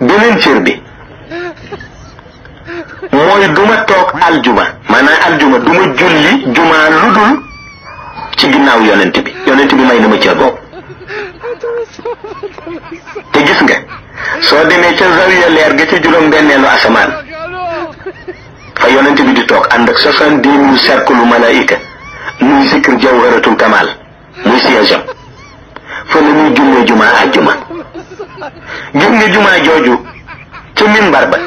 beneen cër bi mooy du toog aljuma maanaam aljuma du ma julli jumaa lu dul ci ginnaaw yonent bi yonent bi may na ma cër boobu te gis nga soo demee ca zawiya leer ga ca juróom-benneelu asamaan fa yonent bi di toog ànd ak soixante-dix mille cercle malaika muy zikr jawharatul kamal muy siège fa la ñuy jullee juma àjjuma gis nga juma jooju ca minbar ba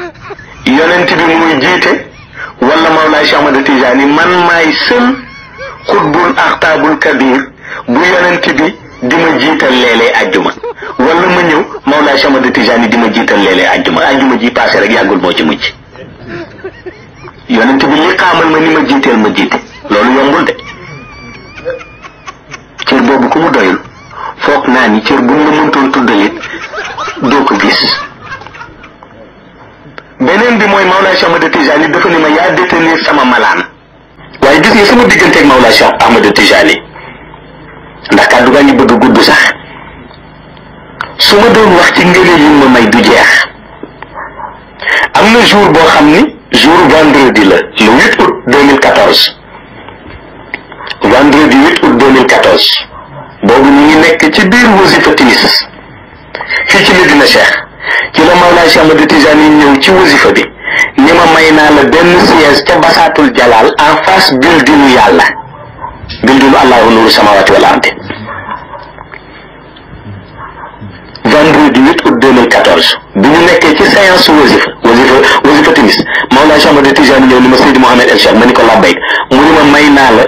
yonent bi muy jiite wala Mawlaay Cheikh Ahmad Tijaani man maay sën xutbul axtaabul kabir bu yonent bi di ma jiital léeg-léeg àjjuma wala ma ñëw Mawlaay Cheikh Ahmad Tijaani di ma jiital léeg-léeg àjjuma àjjuma ji paase rek yàggul moo ci mujj yonent bi li xaamal ma ni ma jiiteel ma jiite loolu yombul de cër boobu ku mu doyul naa ni cër bu ñu la bi mooy Mawlaa Cheikh Ahmada Tijani dafa ne ma yaa sama malaan waaye gis sama digganteeg Mawlaa Cheikh Ahmada Tijani ndax kàddu gaa ngi bëgg gudd sax su ma doon wax ci ngëneel yi ma may du jeex am na jour boo xam ni jour vendredi la le 8 août 2014 vendredi 8 boobu ñu ngi nekk ci biir wasifa timis fii ci Medina Cheikh ci la Mawlaa Cheikh Ahmadu Tijaani ñëw ci wasifa bi ni ma may naa la benn siège ca basaatul jalaal en face buildingu yàlla buildingu allahu nuru samawaati wal ardi vendredi 8 août 2014 bi ñu nekkee ci séance wasifa wasifa wasifa timis Mawlaa Cheikh Ahmadu Tijaani ñëw ni ma Seydi Mouhamed El Cheikh ma ni ko labbayk mu ni ma may naa la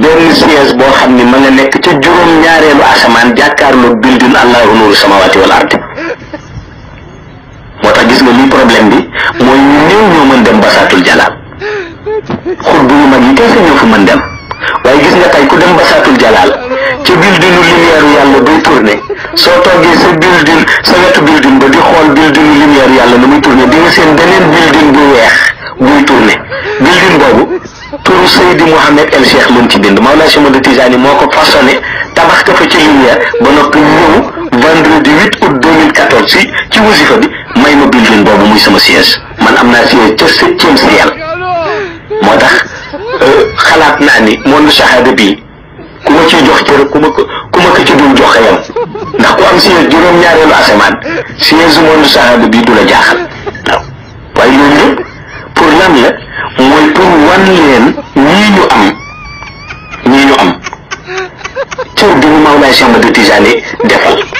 benn siège boo xam ni ma nga nekk ca juróom ñaareelu asamaan jàkkaarlu bildin allahu nuru samawati wal ard moo tax gis nga li problème bi mooy ñu néew ñoo mën dem basaatul jalaal xut bu ñu mag yi kese ñoo fu mën dem waaye gis nga tey ku dem basaatul jalaal ci bildinu lumière yàlla buy tourné soo toogee sa bildin sa wetu bildin ba di xool bildinu lumière yàlla lu muy tourné di nga seen beneen bildin bu weex Ibn Seydi El Cheikh lañ ci bind Maolana Cheikh Ahmed Tidiane moo ko façonné tabax ko fa ci lumière ba noppi ñëw vendredi 8 août 2014 si ci wasifa bi may ma bildin boobu muy sama siège man am naa ci ca septième siège moo tax euh, xalaat naa ni moom shahada bii ku ma ciy jox cër ku ma ko ku ma ko ci dul jox xeyam ndax ku am siège juróom-ñaareelu asamaan siège moom shahada bii du la jaaxal waaw waaye loolu lépp pour lan la de tes années defal